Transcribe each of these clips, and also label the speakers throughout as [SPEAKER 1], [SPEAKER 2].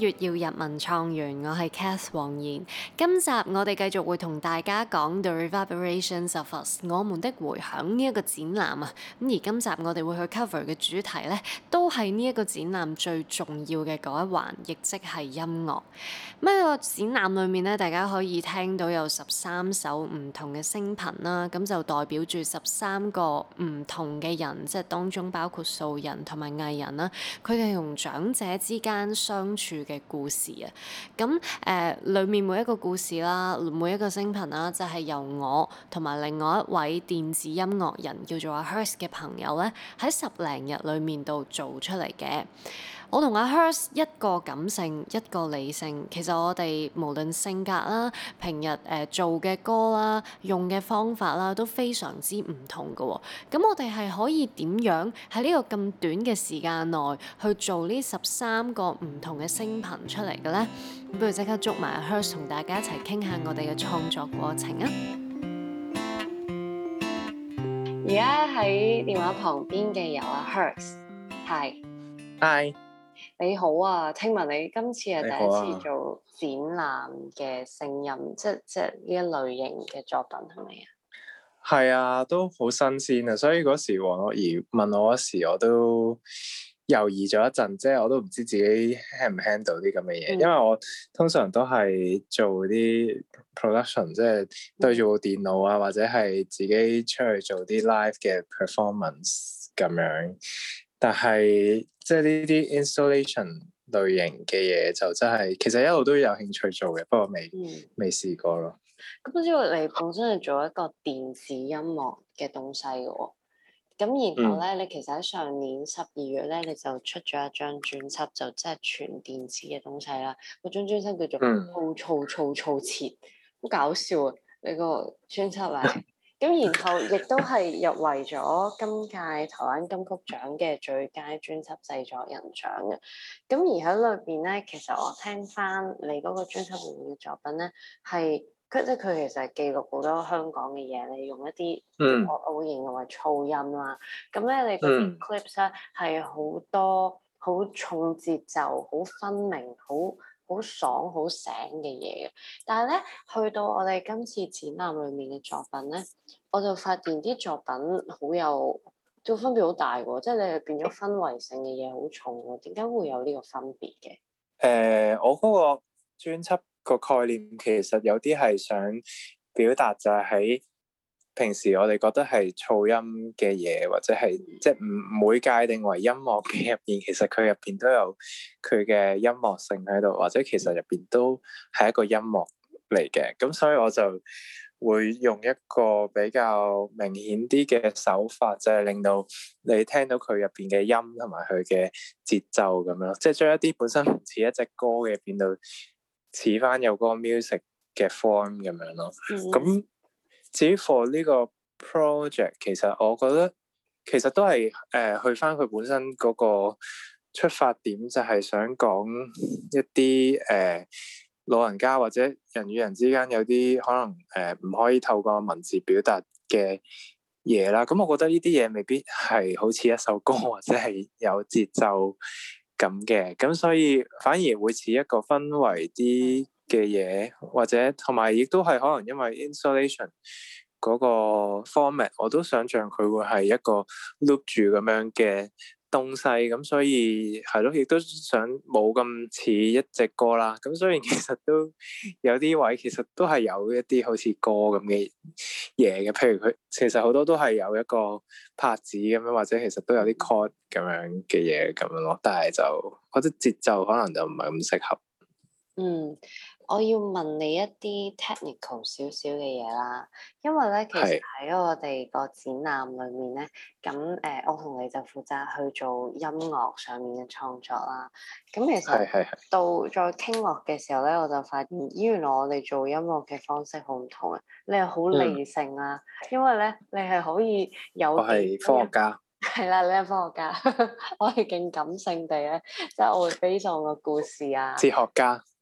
[SPEAKER 1] 越要入文創園，我係 Cath 黃妍。今集我哋繼續會同大家講 The Reverberations of Us 我們的迴響呢一個展覽啊。咁而今集我哋會去 cover 嘅主題呢，都係呢一個展覽最重要嘅嗰一環，亦即係音樂。咁、那、喺個展覽裏面呢，大家可以聽到有十三首唔同嘅聲頻啦，咁就代表住十三個唔同嘅人，即係當中包括素人同埋藝人啦，佢哋同長者之間相處嘅故事啊，咁誒、呃、裏面每一個故事啦，每一個聲頻啦，就係、是、由我同埋另外一位電子音樂人叫做阿 hirsk 嘅朋友咧，喺十零日裏面度做出嚟嘅。我同阿 hirsk 一個感性，一個理性。其實我哋無論性格啦，平日誒、呃、做嘅歌啦，用嘅方法啦，都非常之唔同嘅。咁我哋係可以點樣喺呢個咁短嘅時間內去做呢十三個唔同嘅聲頻出嚟嘅呢？不如即刻捉埋阿 hirsk 同大家一齊傾下我哋嘅創作過程啊！而家喺電話旁邊嘅有阿 hirsk，Hi，Hi。你好啊，聽聞你今次係第一次做展覽嘅聲音，即係即係呢一類型嘅作品係咪啊？
[SPEAKER 2] 係啊，都好新鮮啊！所以嗰時王樂儀問我嗰時，我都猶豫咗一陣，即係我都唔知自己 handle 唔 handle 啲咁嘅嘢，嗯、因為我通常都係做啲 production，即係對住部電腦啊，嗯、或者係自己出去做啲 live 嘅 performance 咁樣，但係。即係呢啲 installation 類型嘅嘢就真係，其實一路都有興趣做嘅，不過未未、
[SPEAKER 1] 嗯、試過咯。咁至於你本身係做一個電子音樂嘅東西嘅喎，咁然後咧，嗯、你其實喺上年十二月咧，你就出咗一張專輯，就即係全電子嘅東西啦。嗰張專輯叫做《噪噪噪噪切》，好、嗯、搞笑啊！你個專輯啊～ 咁然後亦都係入圍咗今屆台灣金曲獎嘅最佳專輯製作人獎嘅。咁而喺裏邊咧，其實我聽翻你嗰個專輯入面嘅作品咧，係即係佢其實係記錄好多香港嘅嘢，你用一啲、嗯、我會認為噪音啦。咁咧、啊，你嗰啲 clips 咧係好多好重節奏、好分明、好。好爽好醒嘅嘢嘅，但係呢去到我哋今次展覽裏面嘅作品咧，我就發現啲作品好有都分別好大喎，哦，即係你係變咗氛圍性嘅嘢好重喎，哦，點解會有呢個分別嘅？
[SPEAKER 2] 誒、呃，我嗰個專輯個概念其實有啲係想表達就係喺。平時我哋覺得係噪音嘅嘢，或者係即係唔唔會界定為音樂嘅入邊，其實佢入邊都有佢嘅音樂性喺度，或者其實入邊都係一個音樂嚟嘅。咁所以我就會用一個比較明顯啲嘅手法，就係令到你聽到佢入邊嘅音同埋佢嘅節奏咁樣，即係將一啲本身唔似一隻歌嘅變到似返有嗰個 music 嘅 form 咁
[SPEAKER 1] 樣咯。咁、mm hmm.
[SPEAKER 2] 至於 for 呢個 project，其實我覺得其實都係誒、呃、去翻佢本身嗰個出發點，就係、是、想講一啲誒、呃、老人家或者人與人之間有啲可能誒唔、呃、可以透過文字表達嘅嘢啦。咁我覺得呢啲嘢未必係好似一首歌或者係有節奏咁嘅，咁所以反而會似一個氛圍啲。嘅嘢，或者同埋亦都係可能因為 installation 嗰個 format，我都想象佢會係一個 look 住咁樣嘅東西，咁所以係咯，亦都想冇咁似一隻歌啦。咁所以其實都有啲位其有，其實都係有一啲好似歌咁嘅嘢嘅，譬如佢其實好多都係有一個拍子咁樣，或者其實都有啲 chord 咁樣嘅嘢咁樣咯。但係就覺得節奏可能就唔係咁適合。
[SPEAKER 1] 嗯。我要問你一啲 technical 少少嘅嘢啦，因為咧其實喺我哋個展覽裏面咧，咁誒是、嗯、我同你就負責去做音樂上面嘅創作啦。咁其實是是是到再傾落嘅時候咧，我就發現咦原來我哋做音樂嘅方式好唔同啊！你係好理性啊，嗯、因為咧你係可以有我係科學家，係啦，你係科學家， 我係勁感性地咧，即係我會悲縱個故事啊，哲學家。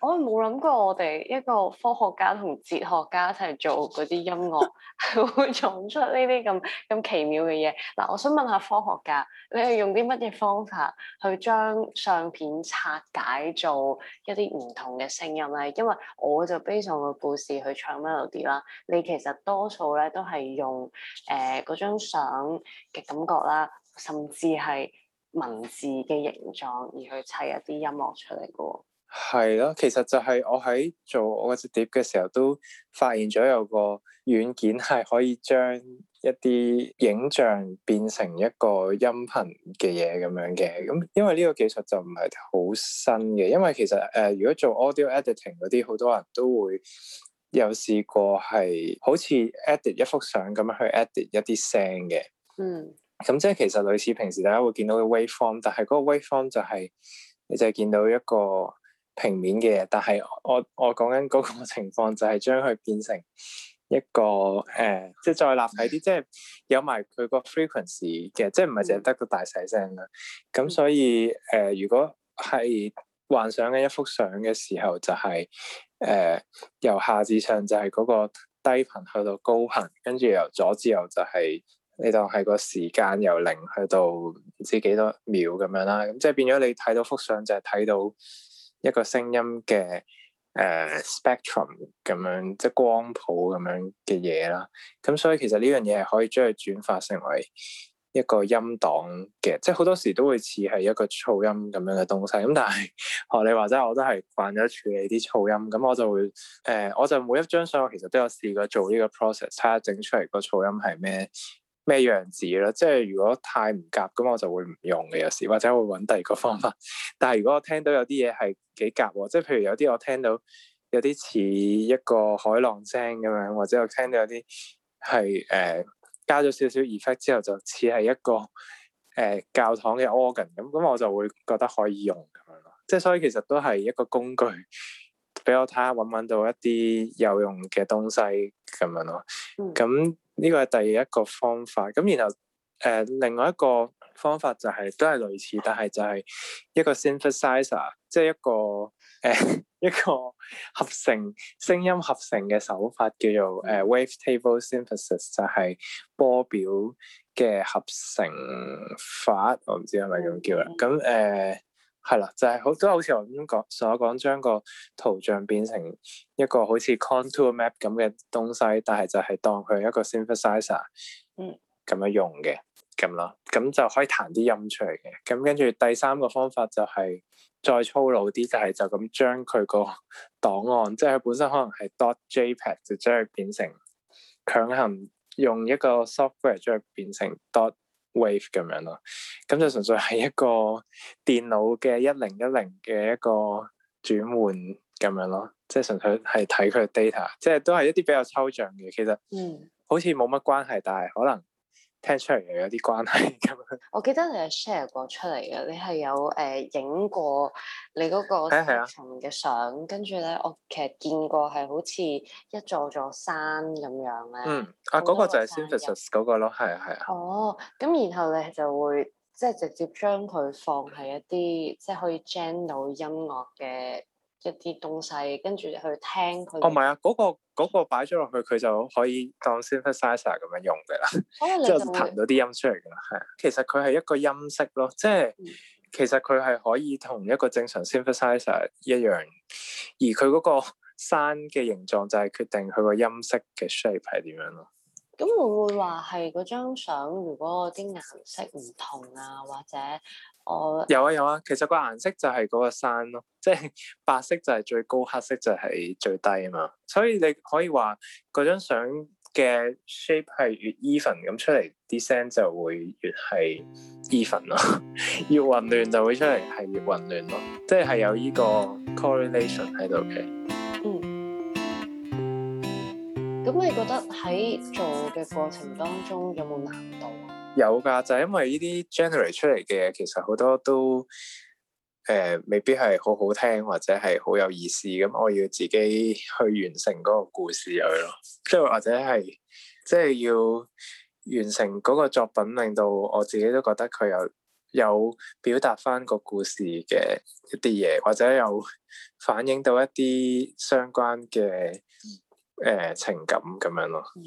[SPEAKER 1] 哦、我冇諗過，我哋一個科學家同哲學家一齊做嗰啲音樂， 會做出呢啲咁咁奇妙嘅嘢。嗱，我想問下科學家，你係用啲乜嘢方法去將相片拆解做一啲唔同嘅聲音咧？因為我就 base 上個故事去唱 melody 啦。你其實多數咧都係用誒嗰張相嘅感覺啦，甚至係文字嘅形狀而去砌一啲音樂出嚟噶。
[SPEAKER 2] 係咯，其實就係我喺做我嗰隻碟嘅時候，都發現咗有個軟件係可以將一啲影像變成一個音頻嘅嘢咁樣嘅。咁因為呢個技術就唔係好新嘅，因為其實誒、呃，如果做 audio editing 嗰啲，好多人都會有試過，係好似 edit 一幅相咁樣去 edit 一啲聲嘅。嗯。咁即係其實類似平時大家會見到嘅 waveform，但係嗰個 waveform 就係、是、你就係見到一個。平面嘅，但係我我講緊嗰個情況就係將佢變成一個誒，即、呃、係、就是、再立體啲，即、就、係、是、有埋佢個 frequency 嘅，即係唔係淨係得個大細聲啦。咁所以誒、呃，如果係幻想緊一幅相嘅時候、就是，就係誒由下至上就係嗰個低頻去到高頻，跟住由左至右就係呢度係個時間由零去到唔知幾多秒咁樣啦。咁即係變咗你睇到幅相就係睇到。一個聲音嘅誒、uh, spectrum 咁樣，即係光譜咁樣嘅嘢啦。咁所以其實呢樣嘢係可以將佢轉化成為一個音檔嘅，即係好多時都會似係一個噪音咁樣嘅東西。咁但係學你話齋，我都係慣咗處理啲噪音，咁我就會誒、呃，我就每一張相，我其實都有試過做呢個 process，睇下整出嚟個噪音係咩？咩樣子咯？即係如果太唔夾咁，我就會唔用嘅有時，或者會揾第二個方法。但係如果我聽到有啲嘢係幾夾喎，即係譬如有啲我聽到有啲似一個海浪聲咁樣，或者我聽到有啲係誒加咗少少 effect 之後就似係一個誒、呃、教堂嘅 organ 咁，咁我就會覺得可以用咁樣咯。即係所以其實都係一個工具，俾我睇下揾唔揾到一啲有用嘅東西咁樣咯。咁、嗯。呢個係第一個方法，咁然後誒、呃、另外一個方法就係、是、都係類似，但係就係一個 synthesizer，即係一個誒、呃、一個合成聲音合成嘅手法，叫做誒、呃、wave table synthesis，就係波表嘅合成法，我唔知係咪咁叫啦，咁誒、嗯。係啦，就係、是、好都好似我咁講所講，將個圖像變成一個好似 contour map 咁嘅東西，但係就係當佢係一個 synthesizer，嗯，咁樣用嘅，咁咯，咁就可以彈啲音出嚟嘅。咁跟住第三個方法就係再粗魯啲，就係、是、就咁將佢個檔案，即係佢本身可能係 dot jpeg，就將佢變成強行用一個 software 將佢變成 dot。wave 咁樣咯，咁就純粹係一個電腦嘅一零一零嘅一個轉換咁樣咯，即係純粹係睇佢嘅 data，即係都係一啲比較抽象嘅，其實，
[SPEAKER 1] 嗯，
[SPEAKER 2] 好似冇乜關係，但係可能。聽出嚟嘅有啲關係咁樣。
[SPEAKER 1] 我記得你係 share 過出嚟嘅，你係有誒影、呃、過你嗰個層嘅相，跟住咧我其實見過係好似一座座山咁樣咧。
[SPEAKER 2] 嗯，啊嗰、那個就係 synthesis 嗰個咯，係啊係啊。啊
[SPEAKER 1] 哦，咁然後咧就會即係直接將佢放喺一啲、嗯、即係可以 gen 到音樂嘅。一啲東西，跟住去聽佢。哦，唔
[SPEAKER 2] 係啊，嗰個、嗰個擺咗落去，佢就可以當 synthesizer 咁樣用嘅啦，
[SPEAKER 1] 即係、哎、彈
[SPEAKER 2] 到啲音出嚟嘅啦。係啊，其實佢係一個音色咯，即係、嗯、其實佢係可以同一個正常 synthesizer 一樣，而佢嗰個山嘅形狀就係決定佢個音色嘅 shape 係點樣咯。
[SPEAKER 1] 咁、嗯、會唔會話係嗰張相，如果啲顏色唔同啊，或者？
[SPEAKER 2] Oh. 有啊有啊，其實個顏色就係嗰個山咯，即係白色就係最高，黑色就係最低啊嘛。所以你可以話嗰張相嘅 shape 係越 even，咁出嚟啲聲就會越係 even 咯， 越混亂就會出嚟係越混亂咯，即係有呢個 correlation 喺度嘅。嗯，
[SPEAKER 1] 咁你覺得喺做嘅過程當中有冇難度？
[SPEAKER 2] 有噶，就係、是、因為呢啲 generate 出嚟嘅嘢，其實好多都誒、呃，未必係好好聽或者係好有意思。咁我要自己去完成嗰個故事去咯，即係或者係即係要完成嗰個作品，令到我自己都覺得佢有有表達翻個故事嘅一啲嘢，或者有反映到一啲相關嘅誒、呃、情感咁樣咯。嗯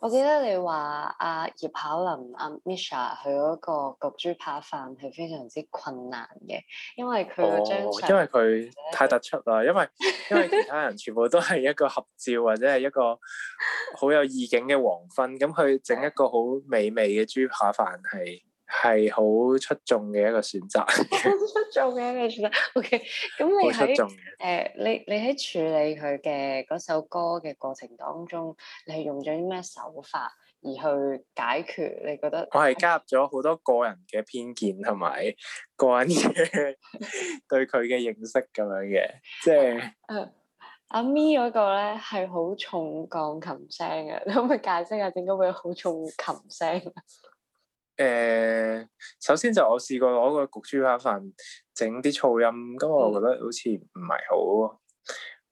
[SPEAKER 1] 我記得你話阿、啊、葉巧林葉巧琳阿、啊、Misha 佢嗰個焗豬扒飯係非常之困難嘅，因為佢嗰張，因為
[SPEAKER 2] 佢太突出啦， 因為因為其他人全部都係一個合照或者係一個好有意境嘅黃昏，咁佢整一個好美味嘅豬扒飯係。係好出眾嘅一個選擇，
[SPEAKER 1] 出眾嘅一個選擇。OK，咁你喺誒、呃，你你喺處理佢嘅嗰首歌嘅過程當中，你係用咗啲咩手法而去解決？你覺得你我係
[SPEAKER 2] 加入咗好多個人嘅偏見同埋個人嘅 對佢嘅認識咁樣嘅，即
[SPEAKER 1] 係阿咪嗰個咧係好重鋼琴聲嘅，你可唔可以解釋下點解會好重琴聲？
[SPEAKER 2] 誒、呃，首先就我試過攞個焗豬扒飯整啲噪音，咁、嗯、我覺得好似唔係好，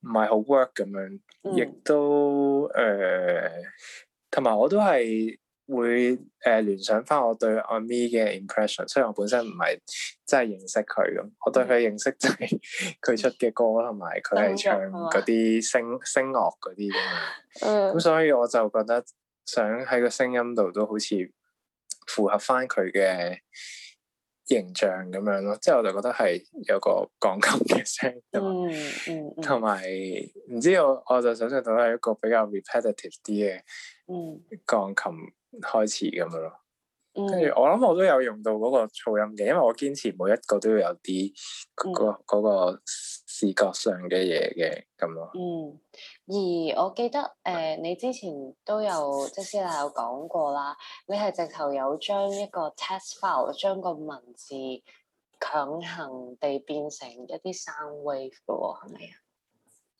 [SPEAKER 2] 唔係好 work 咁樣。亦、嗯、都誒，同、呃、埋我都係會誒、呃、聯想翻我對阿咪嘅 impression，雖然我本身唔係真係認識佢咁，嗯、我對佢認識就係佢出嘅歌同埋佢係唱嗰啲聲聲樂嗰啲嘅。咁、嗯、所以我就覺得想喺個聲音度都好似。符合翻佢嘅形象咁樣咯，即係我就覺得係有個鋼琴嘅聲，同埋唔知我我就想象到係一個比較 repetitive 啲嘅鋼琴開始咁、嗯、樣咯。跟住、嗯、我諗我都有用到嗰個噪音嘅，因為我堅持每一個都要有啲嗰嗰個視覺上嘅嘢嘅咁咯。嗯，
[SPEAKER 1] 而我記得誒，呃、 你之前都有即係師奶有講過啦，你係直頭有將一個 test file 將個文字強行地變成一啲 sound wave 嘅喎，係咪
[SPEAKER 2] 啊？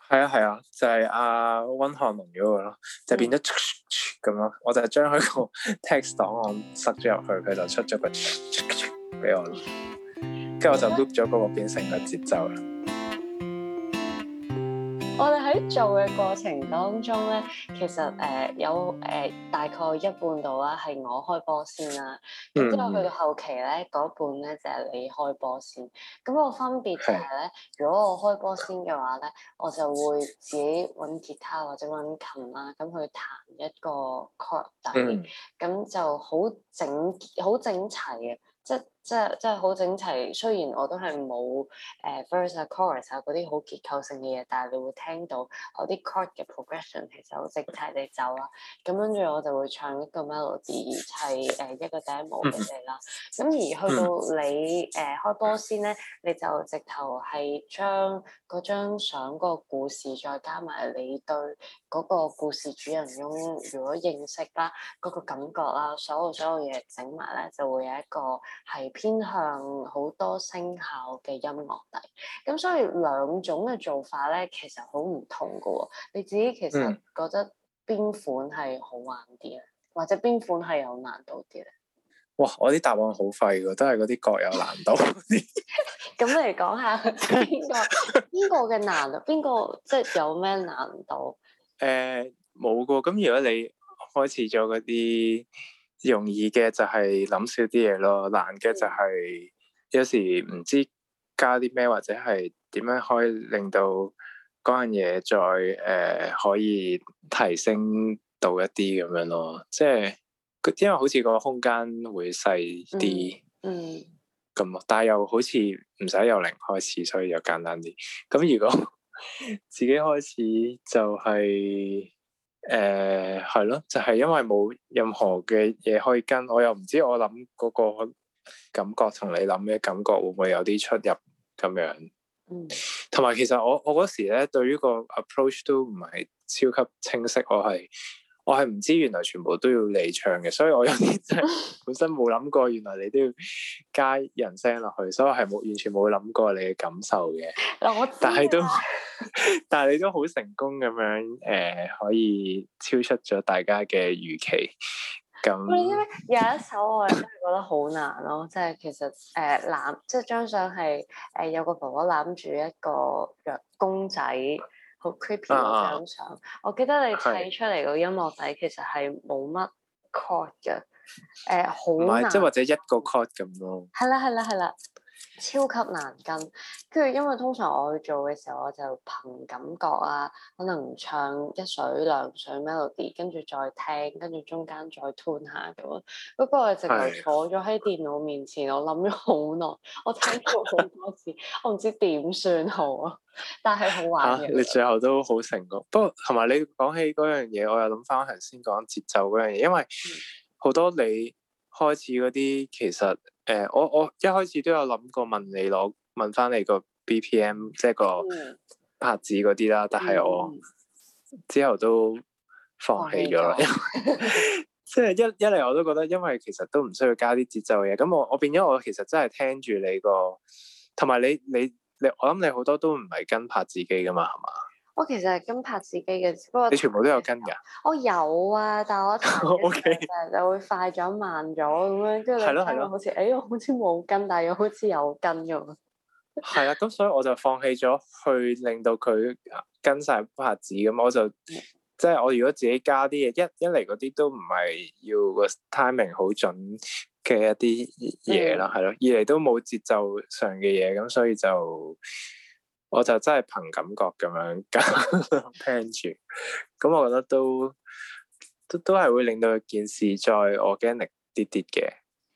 [SPEAKER 2] 係啊係啊，就係阿溫漢龍嗰個咯，就係、變咗。 樣我就係將佢個 text 檔案塞咗入去，佢就出咗個俾我，跟住我就 loop 咗嗰個變成個節奏啦。
[SPEAKER 1] 喺做嘅過程當中咧，其實誒、呃、有誒、呃、大概一半度啦，係我開波先啦、啊，然之後去到後期咧，一半咧就係、是、你開波先。咁個分別就係咧，是如果我開波先嘅話咧，我就會自己揾吉他或者揾琴啦，咁去彈一個 chord 底，咁、嗯、就好整好整齊嘅，即係即係即係好整齊，雖然我都係冇誒、呃、verse 啊 chorus 啊嗰啲好結構性嘅嘢，但係你會聽到。我啲 chord 嘅 progression 其實好直態你走啦、啊，咁跟住我就會唱一個 melody 係誒一個 demo 俾你啦。咁而去到你誒、呃、開波先咧，你就直頭係將嗰張相個故事再加埋你對嗰個故事主人翁如果認識啦，嗰、那個感覺啦，所有所有嘢整埋咧，就會有一個係偏向好多聲效嘅音樂嚟。咁所以兩種嘅做法咧，其實好唔～同嘅喎，你自己其實覺得邊款係好玩啲咧，嗯、或者邊款係有難度啲咧？
[SPEAKER 2] 哇！我啲答案好廢嘅，都係嗰啲各有難度。
[SPEAKER 1] 咁嚟 講下邊個邊個嘅難度？邊個即係有咩難度？
[SPEAKER 2] 誒冇嘅。咁如果你開始咗嗰啲容易嘅，就係、是、諗少啲嘢咯。難嘅就係有時唔知加啲咩，或者係點樣可以令到。嗰樣嘢再誒、呃、可以提升到一啲咁樣咯，即係因為好似個空間會細啲、
[SPEAKER 1] 嗯，
[SPEAKER 2] 嗯，咁但係又好似唔使由零開始，所以又簡單啲。咁如果 自己開始就係誒係咯，就係、是、因為冇任何嘅嘢可以跟，我又唔知我諗嗰個感覺同你諗嘅感覺會唔會有啲出入咁樣。嗯，同埋其實我我嗰時咧對於個 approach 都唔係超級清晰，我係我係唔知原來全部都要你唱嘅，所以我有啲真係本身冇諗過，原來你都要加人聲落去，所以我係冇完全冇諗過你嘅感受嘅。但係是都 但係你都好成功咁樣誒，可以超出咗大家嘅預期。
[SPEAKER 1] 唔、嗯、 知有一首我真係覺得好難咯、哦，即係其實誒、呃、攬即係張相係誒有個婆婆攬住一個公仔，好 creepy 嘅張相。啊、我記得你砌出嚟個音樂底其實係冇乜 cord 嘅，誒、呃、好難，即係或者
[SPEAKER 2] 一個 cord 咁咯、哦。
[SPEAKER 1] 係啦，係啦，係啦。超級難跟，跟住因為通常我去做嘅時候，我就憑感覺啊，可能唱一水兩水 melody，跟住再聽，跟住中間再 tune 下咁。不過我直係坐咗喺電腦面前，是我諗咗好耐，我聽過好多次， 我唔知點算好啊。但係好玩，你
[SPEAKER 2] 最後都好成功。不過同埋你講起嗰樣嘢，我又諗翻頭先講節奏嗰樣嘢，因為好多你開始嗰啲其實。誒，我我一開始都有諗過問你攞，問翻你個 BPM 即係個拍子嗰啲啦，但係我之後都放棄咗啦，因為即係一一嚟，我都覺得，因為其實都唔需要加啲節奏嘅，咁我我變咗我其實真係聽住你個，同埋你你你，我諗你好多都唔係跟拍自己噶嘛，係嘛？
[SPEAKER 1] 我其實係跟拍自己嘅，不過你全部
[SPEAKER 2] 都有跟㗎？
[SPEAKER 1] 我有啊，但係我彈嘅時候 okay  就會快咗、慢咗咁樣，跟住你會好似誒、哎，我好似冇跟，但係又好似有跟咁。
[SPEAKER 2] 係啦， 咁所以我就放棄咗去令到佢跟晒拍子。咁我就 即係我如果自己加啲嘢，一一嚟嗰啲都唔係要個 timing 好準嘅一啲嘢啦，係咯的。二嚟都冇節奏上嘅嘢，咁所以就。我就真係憑感覺咁樣教， 聽住著，咁 我覺得都都都係會令到件事再我嘅能力啲跌嘅。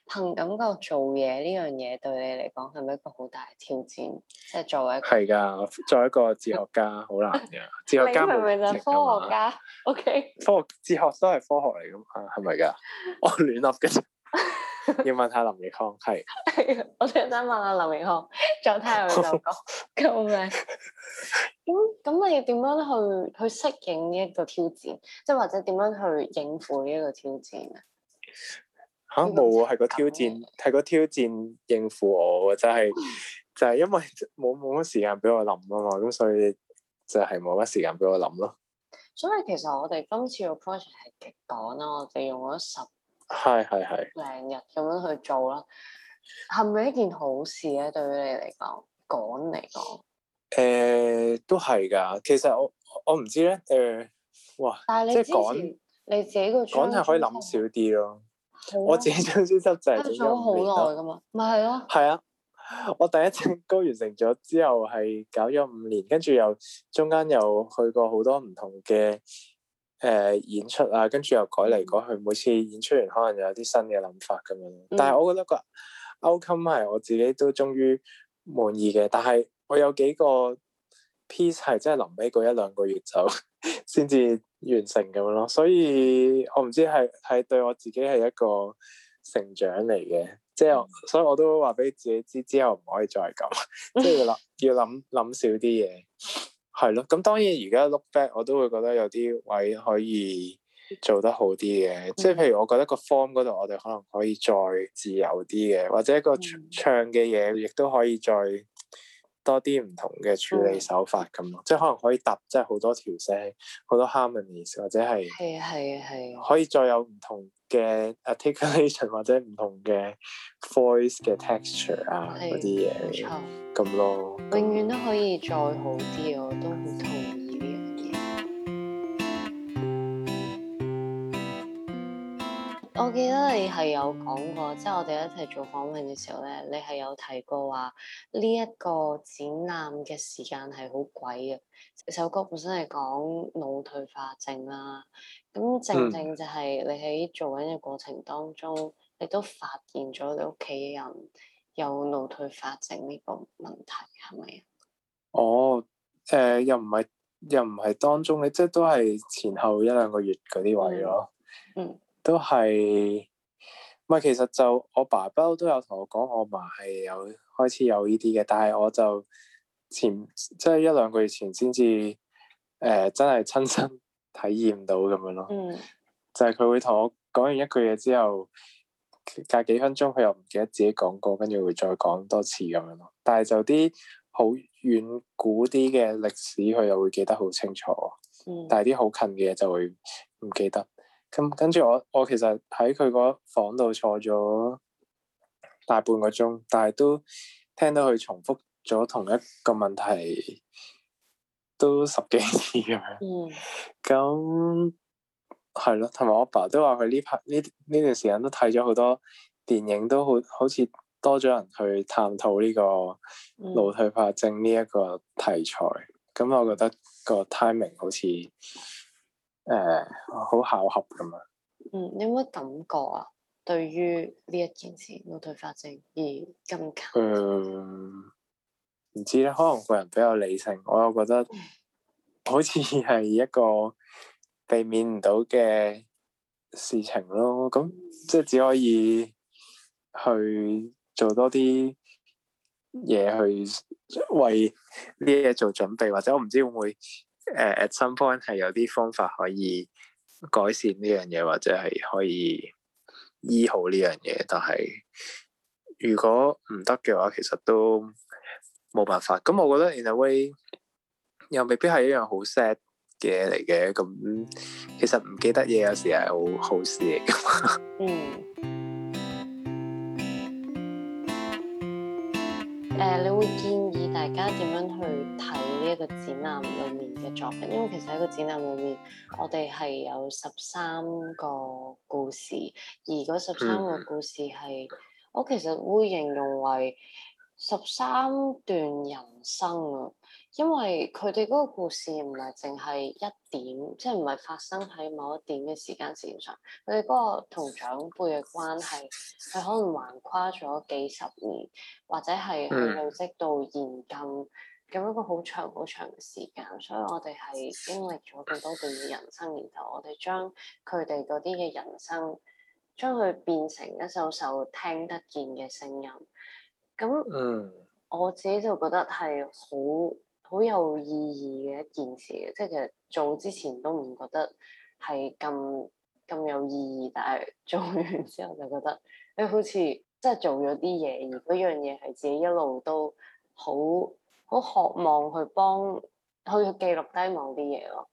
[SPEAKER 1] 憑感覺做嘢呢樣嘢對你嚟講係咪一個好大嘅挑戰？即係作為
[SPEAKER 2] 一個係噶，作為一個哲學家好難嘅。哲 學家咪 就係科學家，O K。Okay. 科學，哲學都係科學嚟噶嘛，係咪噶？我亂諗嘅。 要問下林亦康。係，
[SPEAKER 1] 我哋一先陣，問下林亦康，就聽下佢就講，救命！咁咁，你點、啊、樣去去適應呢一個挑戰？即係或者點樣去應付呢一個挑戰咧？
[SPEAKER 2] 吓冇啊，係個挑戰，係個挑戰應付我，就係、是、 就係因為冇冇乜時間俾我諗啊嘛，咁所以就係冇乜時間俾我諗咯。
[SPEAKER 1] 所以其實我哋今次個 project 係極短啦，我哋用咗十。
[SPEAKER 2] 係係係，
[SPEAKER 1] 成日咁樣去做啦，係咪一件好事咧？對於你嚟講，講嚟
[SPEAKER 2] 講，誒、呃，都係噶。其實我我唔知咧，誒、呃，哇，但係你即係講
[SPEAKER 1] 你自己個講係可以諗
[SPEAKER 2] 少啲咯。嗎我自己張專輯就係咗好耐噶
[SPEAKER 1] 嘛，咪係咯。
[SPEAKER 2] 係啊，我第一次高完成咗之後係搞咗五年，跟住又中間又去過好多唔同嘅。誒、呃，演出啊，跟住又改嚟改去，每次演出完可能又有啲新嘅諗法咁樣。但係我覺得個 outcome 係我自己都終於滿意嘅。但係我有幾個 piece 係真係臨尾嗰一兩個月就先 至完成咁樣咯。所以我，我唔知係係對我自己係一個成長嚟嘅，即、就、係、是嗯、所以我都話俾自己知，之後唔可以再咁，即 係要諗 要諗諗少啲嘢。係咯，咁當然而家 look back，我都會覺得有啲位可以做得好啲嘅，嗯、即係譬如我覺得個 form 嗰度，我哋可能可以再自由啲嘅，或者個唱嘅嘢、嗯、亦都可以再，多啲唔同嘅處理手法咁咯、嗯，即係可能可以搭即係好多條聲，好多 harmonies 或者係係
[SPEAKER 1] 啊係啊係可以再有唔同
[SPEAKER 2] 嘅 articulation 或者唔同嘅 voice 嘅 texture 啊啲嘢咁咯。
[SPEAKER 1] 永遠都可以再好啲我都唔同。我記得你係有講過，即係我哋一齊做訪問嘅時候咧，你係有提過話呢一個展覽嘅時間係好貴嘅。首歌本身係講腦退化症啦，咁正正就係你喺做緊嘅過程當中，嗯、你都發現咗你屋企人有腦退化症呢個問題，
[SPEAKER 2] 係咪啊？哦，誒、呃，又唔係，又唔係當中你即係都係前後一兩個月嗰啲位咯、嗯。嗯。都係，唔係其實就我爸不嬲都有同我講，我媽係有開始有呢啲嘅，但係我就前即係、就是、一兩個月前先至誒真係親身體驗到咁樣咯。嗯、就係佢會同我講完一句嘢之後，隔幾分鐘佢又唔記得自己講過，跟住會再講多次咁樣咯。但係就啲好遠古啲嘅歷史，佢又會記得好清楚，嗯、但係啲好近嘅嘢就會唔記得。咁跟住我，我其實喺佢嗰房度坐咗大半個鐘，但係都聽到佢重複咗同一個問題，都十幾次咁樣。咁係咯，同埋我爸都話佢呢排呢，呢段時間都睇咗好多電影，都好好似多咗人去探討呢個腦退化症呢一個題材。咁、嗯、我覺得個 timing 好似～誒，好、uh，巧合咁啊！嗯，
[SPEAKER 1] 你有冇感覺啊？對於呢一件事，腦退發症而咁
[SPEAKER 2] 近，嗯，唔知咧，可能個人比較理性，我又覺得好似係一個避免唔到嘅事情咯。咁即係只可以去做多啲嘢去為呢嘢做準備，或者我唔知會唔會。誒，at some point 係有啲方法可以改善呢樣嘢，或者係可以醫好呢樣嘢。但係如果唔得嘅話，其實都冇辦法。咁我覺得 in a way 又未必係一樣好 sad 嘅嘢嚟嘅。咁其實唔記得嘢有時係好好事嚟嘅。嗯。誒，你會驚？
[SPEAKER 1] 大家點樣去睇呢一個展覽裏面嘅作品？因為其實喺個展覽裏面，我哋係有十三個故事，而嗰十三個故事係我其實會形容為十三段人生啊。因為佢哋嗰個故事唔係淨係一點，即係唔係發生喺某一點嘅時間線上。佢哋嗰個同長輩嘅關係，佢可能橫跨咗幾十年，或者係去累積到現今咁一個好長好長嘅時間。所以我哋係經歷咗咁多段嘅人生，然後我哋將佢哋嗰啲嘅人生，將佢變成一首首聽得見嘅聲音。咁，我自己就覺得係好，好有意義嘅一件事嘅，即係其實做之前都唔覺得係咁咁有意義，但係做完之後就覺得，誒、哎、好似即係做咗啲嘢，而嗰樣嘢係自己一路都好好渴望去幫去記錄低某啲嘢咯。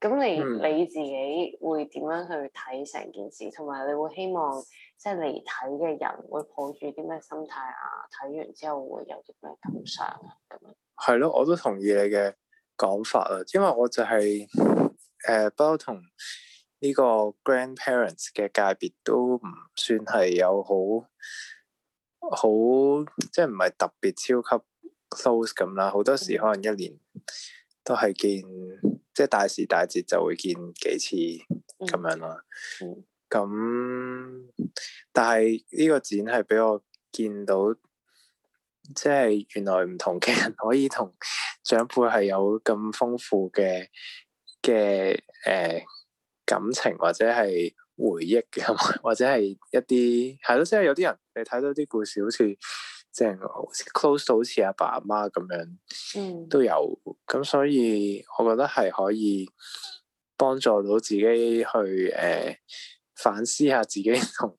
[SPEAKER 1] 咁你你自己會點樣去睇成件事，同埋、嗯、你會希望即係你睇嘅人會抱住啲咩心態啊？睇完之後會有啲咩感想啊？咁樣
[SPEAKER 2] 係咯，我都同意你嘅講法啊，因為我就係誒不嬲同呢個 grandparents 嘅界別都唔算係有好好即係唔係特別超級 close 咁啦。好多時可能一年都係見。即係大時大節就會見幾次咁、嗯、樣咯。咁但係呢個展係俾我見到，即、就、係、是、原來唔同嘅人可以同長輩係有咁豐富嘅嘅誒感情或者係回憶嘅，或者係一啲係咯，即、就、係、是、有啲人你睇到啲故事好似。即係 close 好似阿爸阿媽咁樣，嗯、都有咁，所以我覺得係可以幫助到自己去誒、呃、反思下自己同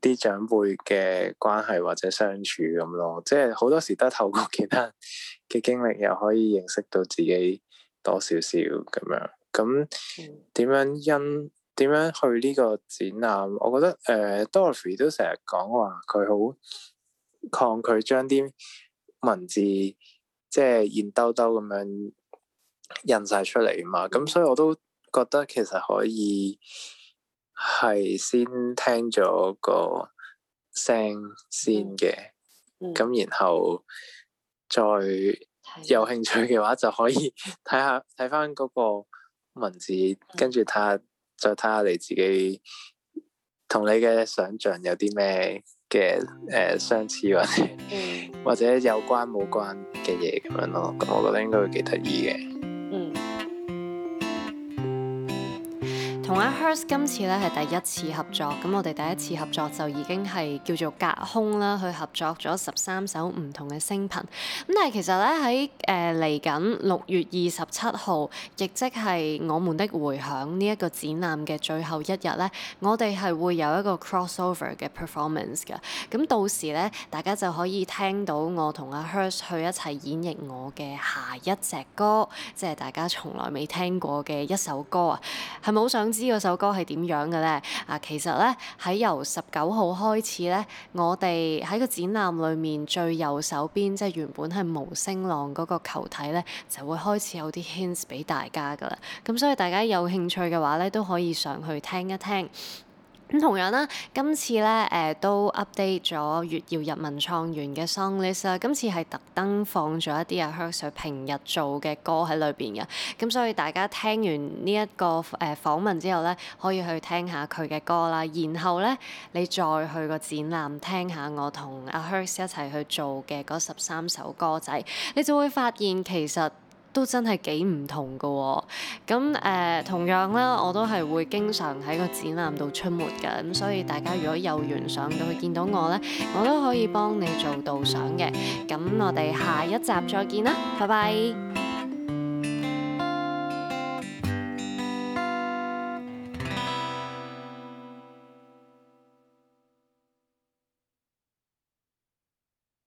[SPEAKER 2] 啲長輩嘅關係或者相處咁咯。即係好多時都透過其他人嘅經歷，又可以認識到自己多少少咁樣。咁點樣因點、嗯、樣去呢個展覽？我覺得誒、呃、Dorothy 都成日講話佢好抗拒將啲文字即係現兜兜咁樣印晒出嚟嘛，咁、嗯、所以我都覺得其實可以係先聽咗個聲先嘅，咁、嗯嗯、然後再有興趣嘅話就可以睇下睇翻嗰個文字，嗯、跟住睇下再睇下你自己同你嘅想象有啲咩。嘅誒、呃、相似或者或者有關冇關嘅嘢咁樣咯，咁我覺得應該會幾得意嘅。
[SPEAKER 1] 同阿 hirsk 今次咧，係第一次合作，咁我哋第一次合作就已經係叫做隔空啦，去合作咗十三首唔同嘅聲頻，咁但係其實咧喺誒嚟緊六月二十七號亦即係我們的迴響呢一個展覽嘅最後一日咧，我哋係會有一個 crossover 嘅 performance 嘅，咁到時咧，大家就可以聽到我同阿 hirsk 去一齊演繹我嘅下一隻歌，即係大家從來未聽過嘅一首歌啊，係咪好想？唔知嗰首歌係點樣嘅咧？啊，其實咧喺由十九號開始咧，我哋喺個展覽裏面最右手邊，即係原本係無聲浪嗰個球體咧，就會開始有啲 hints 俾大家㗎喇。咁所以大家有興趣嘅話咧，都可以上去聽一聽。咁同樣啦，今次咧誒、呃、都 update 咗月耀日文創園嘅 song list 啊，今次係特登放咗一啲阿 hirsk 平日做嘅歌喺裏邊嘅。咁所以大家聽完呢一個誒訪問之後咧，可以去聽下佢嘅歌啦。然後咧，你再去個展覽聽下我同阿 hirsk 一齊去做嘅嗰十三首歌仔，你就會發現其實，都真係幾唔同噶喎，咁誒同樣啦，我都係會經常喺個展覽度出沒嘅，咁所以大家如果有緣上到去見到我呢，我都可以幫你做導賞嘅，咁我哋下一集再見啦，拜拜。